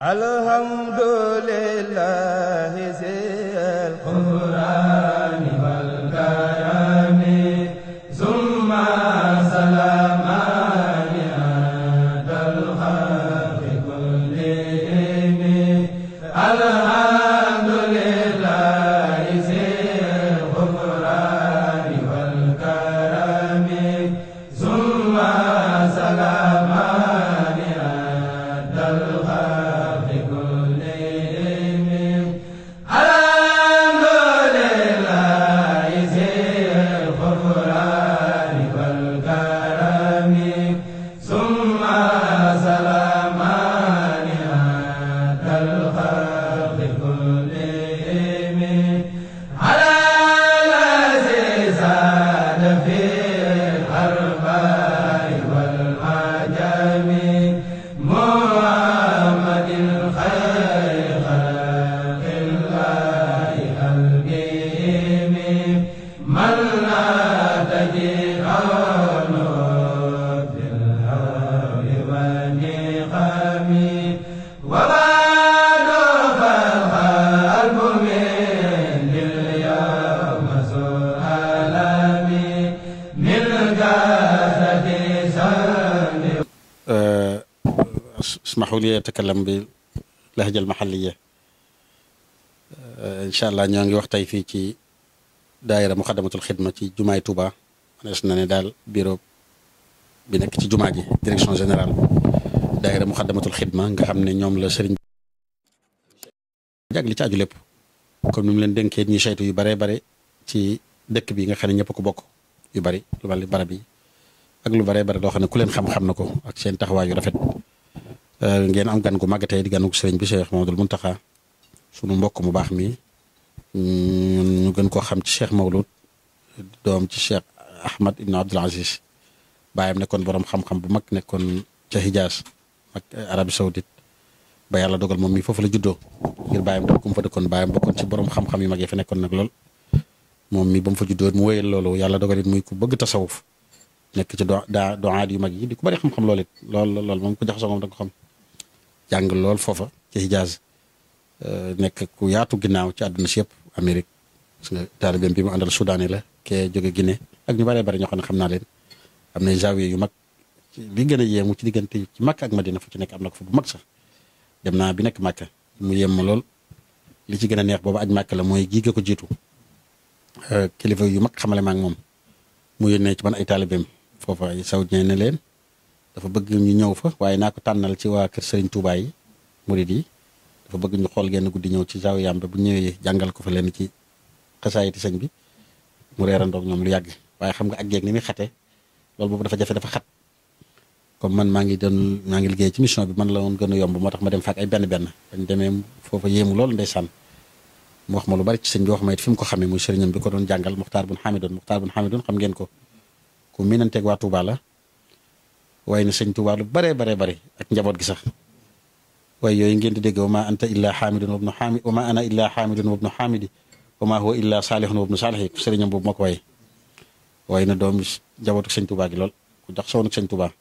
alhamdulillahi bi اسمحوا jël ma باللهجة المحلية incha allah ñoo ngi wax tey fii ci daayira muxaddamatul xidma ci jumaay Touba na ne daal bureau bi nekk ci jumaa ji direction générale daayira muxaddamatul xidma nga xam ne ñoom la sëriñ jàg ci aju lépp comme ni mu leen dénkee ñuy saytu yu bare bare ci dëkk bi nga xam ne ñëpp ko bokk yu bari lu bari barab yi ak lu bare bare loo xam ne ku leen xam-xam na ko ak seen taxawaay yu rafet Euh, ngeen am gan gu màgg tey di ganug sëriñ bi Cheikh Mamadou Mountakha sunu mbokk mu baax mi mm, ñu gën koo xam ci Cheikh Mawlud doom ci Cheikh Ahmad Ibn Abdul Aziz baayam nekkoon borom xam-xam bu mag nekkoon ca Hijaas ak eh, Arabie Saoudite ba yàlla dogal moom mi foofu la juddoo baayam daf ko mu fa dëkkoon baayam ci borom xam-xam yu mag yi fa nekkoon nag lool moom mi ba mu fa juddoo mu wéyal loolu yàlla dogal it muy ku bëgg tasawuf nekk ci do daa doxaat yu mag yi di ku bare xam-xam lool it lool lool moom ko jaxasoo moom xam. jàng lool foofa ci Hijaaz euh, nekk ku yaatu ginnaaw ci àdduna si yëpp Amérique parce que taalibeem bi mu àndal Soudan la kee jóge Guinée ak ñu bëree bëri ñoo xam ne xam naa leen am na zawiya yu mag li gën a yéemu ci diggante ci Makka ak Madina fu ci nekk am na ko fa bu mag sax dem naa bi nekk Makka mu yéem ma lool li ci gën a neex boobu aj makk la mooy gii ko jiitu euh, kilifa yu mag xamale maak moom mu yónnee ci man ay taalibeem foofa ay saoudien ne leen dafa bëgg ñu ñëw fa waaye naa ko tànnal ci waa kër Serigne Touba yi murid yi dafa bëgg ñu xool genn guddi ñëw ci zawiyaam bi bu ñëwee jàngal ko fa leen ci xasaayiti sëñ bi mu reerandoog ñoom lu yàgg xam nga ak geeg ni muy xate loolu boobu dafa jafe dafa xat comme man maa ngi doon maa ngi liggéey ci mission bi man la woon gën a yomb moo tax ma dem faak ay benn benn bañ demee foofa yéemu loolu ndeysaan mu wax ma lu bari ci sëñ bi wax ma it fi mu ko xamee muy sëriñam bi ko doon jàngal Muxtaar bun Xamidoon Muxtaar bun Xamidoon xam ngeen ko ku miinanteeg waa Touba waaye na sëñ Tuubaa lu baree baree bari ak njaboot gi sax waaye yooyu ngeen di dégg wa ma anta illaa xaamidun wabnu xaamid wa ma ana illaa xaamidun wabnu xaamidi wa ma huwa illaa saalihun wabnu saalihi sëriñam boobu ma ko waaye waaye na doom njabootu sëñ Tuubaa gi lool ku jox soonu sëñ Tuubaa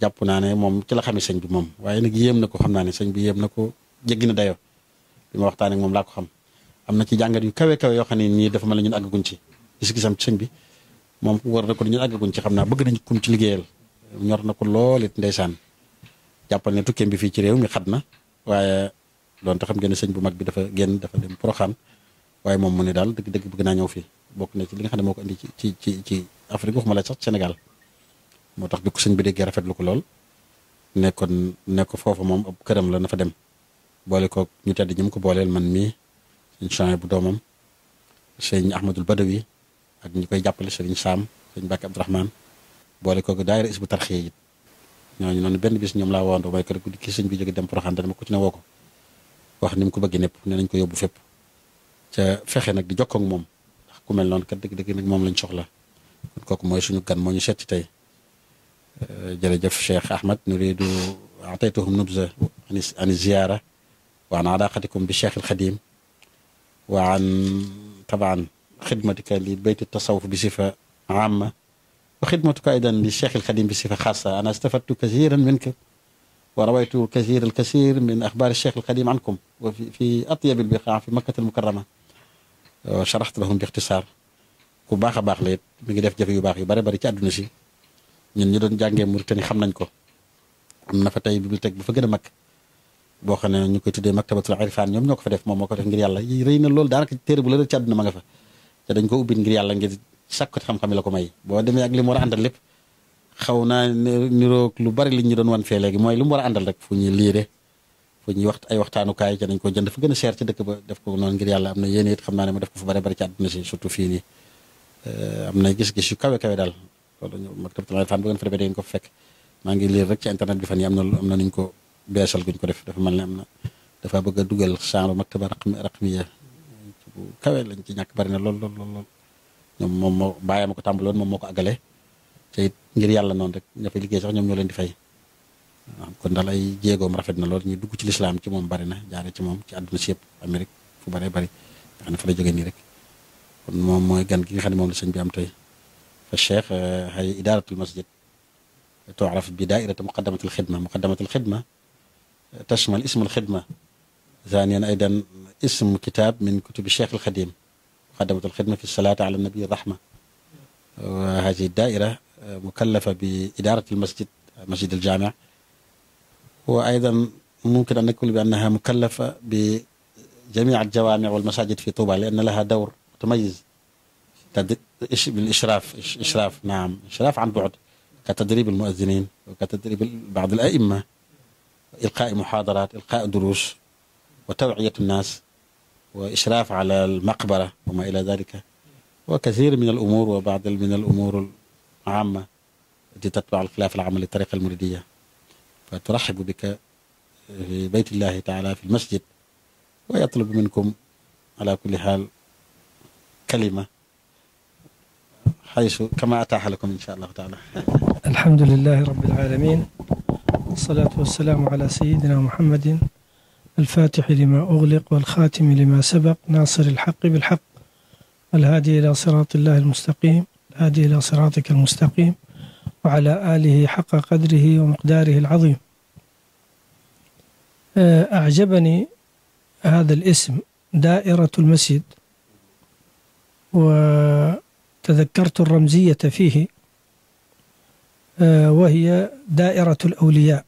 jàpp naa ne moom ci la xamee sëñ bi moom waaye nag yéem na ko xam naa ne sëñ bi yéem na ko jéggi na dayo bi ma waxtaan ak moom laa ko xam am na ci jàngat yu kawe kawe yoo xam ne nii dafa mel ne ñun àggaguñ ci gis-gisam ci sëñ bi moom war na ko ñun àggaguñ ci xam naa bëgg nañ kum ci liggéeyal ñor na ko lool it ndeysaan jàppal ne tukkeem bi fii ci réew mi xat na waaye doonte xam ngeen sëñ bu mag bi dafa genn dafa dem Poroxaan waaye moom mu ne daal dëgg-dëgg bëgg naa ñëw fii bokk na ci li nga xam ne moo ko indi ci ci ci ci Afrique waxuma la sax Sénégal moo tax bi sëñ bi déggee rafetlu ko lool nekkoon nekk foofu moom ab këram la na fa dem boole kook ñu tedd ñi ko booleel man mii sëñ Chane bu doomam sëñ Ahmadul Badawi ak ñu koy jàppale sëriñ Saam sëñ Bakki Abdourahmane boole kooku daayira isbu tarxiya it ñooñu noonu benn bis ñoom laa woowandoo mooy kër ki sëñ bi jóge dem Porokhane dama ko ci ne woo ko wax ni mu ko bëgg népp ne nañ ko yóbbu fépp ca fexe nag di jokkoo ak moom ndax ku mel noonu kat dëgg-dëgg nag moom lañ soxla kon kooku mooy suñu gan moo ñu seet ci tey euh, jërëjëf Cheikh Ahmad nuridu ataytuhum nubza an ziyaara naa daa alaaqatikum bi Cheikh al Xadim wa an tabaan xidmatika li bayti tasawuf bi sifa amma وخدمتك أيضا للشيخ الخديم بصفة خاصة أنا استفدت كثيرا منك ورويت كثير الكثير من أخبار الشيخ الخديم عنكم وفي في أطيب البقاع في مكة المكرمة شرحت لهم باختصار ku baax a baax la it mu ngi def jafe yu baax yu bare bari ci àdduna si ñun ñu doon jàngee Mauritanie xam nañ ko am na fa tey bibliothèque bu fa gën a mag boo xam ne ñu koy tuddee maktabatul irfan ñoom ñoo ko fa def moom moo ko def ngir yàlla yi rëy na loolu daanaka téere bu la ci àdduna ma nga yàlla ngir sàkkut xam-xam la ko may boo demee ak li mu war a àndal lépp xaw naa niroog lu bari li ñu doon wan fee léegi mooy lu mu war a àndal rek fu ñu liire fu ñuy wax ay waxtaanukaay ca nañ ko jënd dafa gën a seer ci dëkk ba def ko noonu ngir yàlla am na yéen it xam naa ne ma def ko fu bari bari ci àdduna si surtout fii euh, am na gis-gis yu kawe kawe daal loolu ñu maktabtul fan bu ngeen fa demee da ngeen ko fekk maa ngi liir rek ci bi fan yi am na am na nuñ ko beesal guñ ko def dafa mel ne am na dafa bëgg a dugal genre maktaba raqmiya kawe lañ ci ñàkk bari na lool lool lool lool ñoom moom moo bàyyam ko tàmbaloon moom moo ko àggale te it ngir yàlla noonu rek nga fay liggéey sax ñoom ñoo leen di fay kon daal ay jéegoom rafet na lool ñu dugg ci lislaam ci moom bari na jaare ci moom ci àdduna si yëpp Amérique fu baree bari nga xam ne fa rek kon moom mooy gan gi nga xam ne moom la sëñ bi am tey fa cheikh eh, hay idaaratul masjid tuaraf bi daairatu muqaddamatul xidma muqaddamatul xidma tashmal ismul xidma zaaniyan aydan ism kitaab min kutubi cheikh al xadim muqaddamatul xidma fi salaati ala nabi rahma wa hadi daaira mukallafa bi idaarati almasjid masjid aljamia wa aydan mumkin an nakul bi annaha mukallafa bi jamii aljawaamic walmasajid fi tuuba li anna laha dawr tumayiz بالإشراف إشراف نعم إشراف عن بعد كتدريب المؤذنين وكتدريب بعض الأئمة إلقاء محاضرات إلقاء دروس وتوعية الناس wa ishraaf ala al maqbara wa ma ila dalika wa kathir min al umur wa baad min al umur al aama التي تتبع الخلاف العمل للطريقة المريدية فترحب بك في بيت الله تعالى في المسجد ويطلب منكم على كل حال كلمة حيث كما أتاح لكم إن شاء الله تعالى الحمد لله رب العالمين والصلاة والسلام على سيدنا محمد الفاتح لما أغلق والخاتم لما سبق ناصر الحق بالحق الهادي إلى صراط الله المستقيم الهادي إلى صراطك المستقيم وعلى آله حق قدره ومقداره العظيم أعجبني هذا الاسم دائرة المسجد وتذكرت الرمزية فيه وهي دائرة الأولياء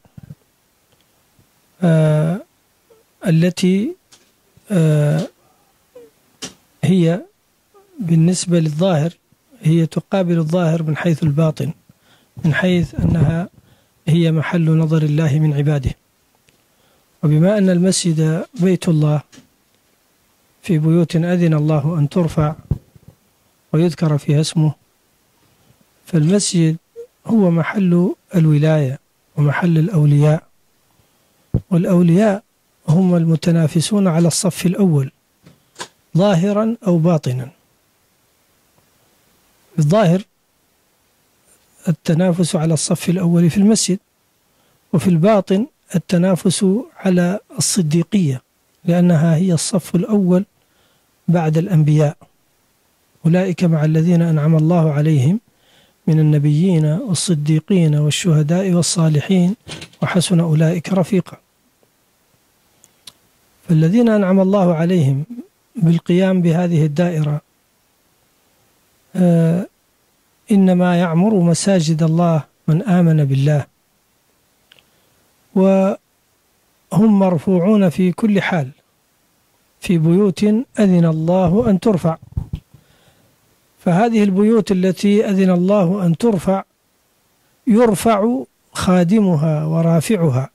التي هي بالنسبة للظاهر هي تقابل الظاهر من حيث الباطن من حيث أنها هي محل نظر الله من عباده وبما أن المسجد بيت الله في بيوت أذن الله أن ترفع ويذكر فيها اسمه فالمسجد هو محل الولاية ومحل الأولياء والأولياء هم المتنافسون على الصف الأول ظاهرا أو باطنا الظاهر التنافس على الصف الأول في المسجد وفي الباطن التنافس على الصديقية لأنها هي الصف الأول بعد الأنبياء أولئك مع الذين أنعم الله عليهم من النبيين والصديقين والشهداء والصالحين وحسن أولئك رفيقا فالذين أنعم الله عليهم بالقيام بهذه الدائرة إنما يعمر مساجد الله من آمن بالله وهم مرفوعون في كل حال في بيوت أذن الله أن ترفع فهذه البيوت التي أذن الله أن ترفع يرفع خادمها ورافعها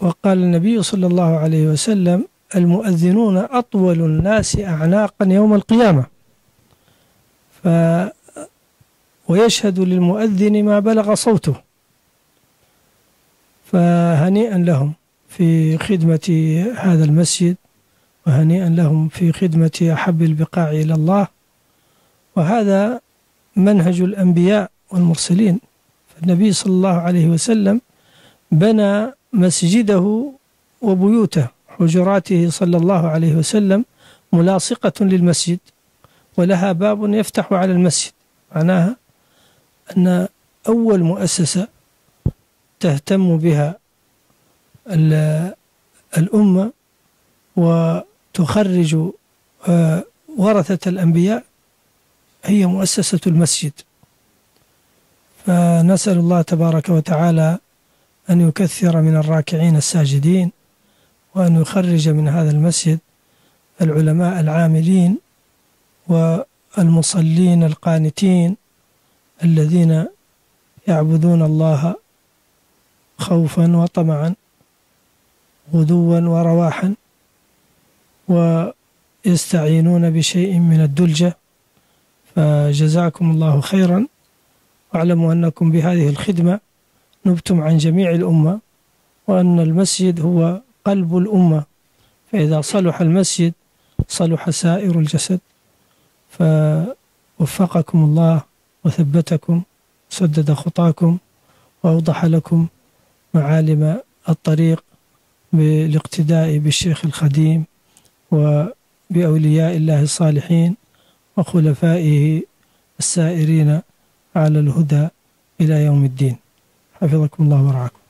وقال النبي صلى الله عليه وسلم المؤذنون أطول الناس أعناقا يوم القيامة ف ويشهد للمؤذن ما بلغ صوته فهنيئا لهم في خدمة هذا المسجد وهنيئا لهم في خدمة أحب البقاع إلى الله وهذا منهج الأنبياء والمرسلين فالنبي صلى الله عليه وسلم بنى مسجده وبيوته حجراته صلى الله عليه وسلم ملاصقة للمسجد ولها باب يفتح على المسجد معناها أن أول مؤسسة تهتم بها الأمة وتخرج ورثة الأنبياء هي مؤسسة المسجد فنسأل الله تبارك وتعالى أن يكثر من الراكعين الساجدين وأن يخرج من هذا المسجد العلماء العاملين والمصلين القانتين الذين يعبدون الله خوفا وطمعا غدوا ورواحا ويستعينون بشيء من الدلجة فجزاكم الله خيرا واعلموا أنكم بهذه الخدمة نبتم عن جميع الأمة وأن المسجد هو قلب الأمة فإذا صلح المسجد صلح سائر الجسد فوفقكم الله وثبتكم سدد خطاكم وأوضح لكم معالم الطريق بالاقتداء بالشيخ الخديم وبأولياء الله الصالحين وخلفائه السائرين على الهدى إلى يوم الدين حفظكم الله ورعاكم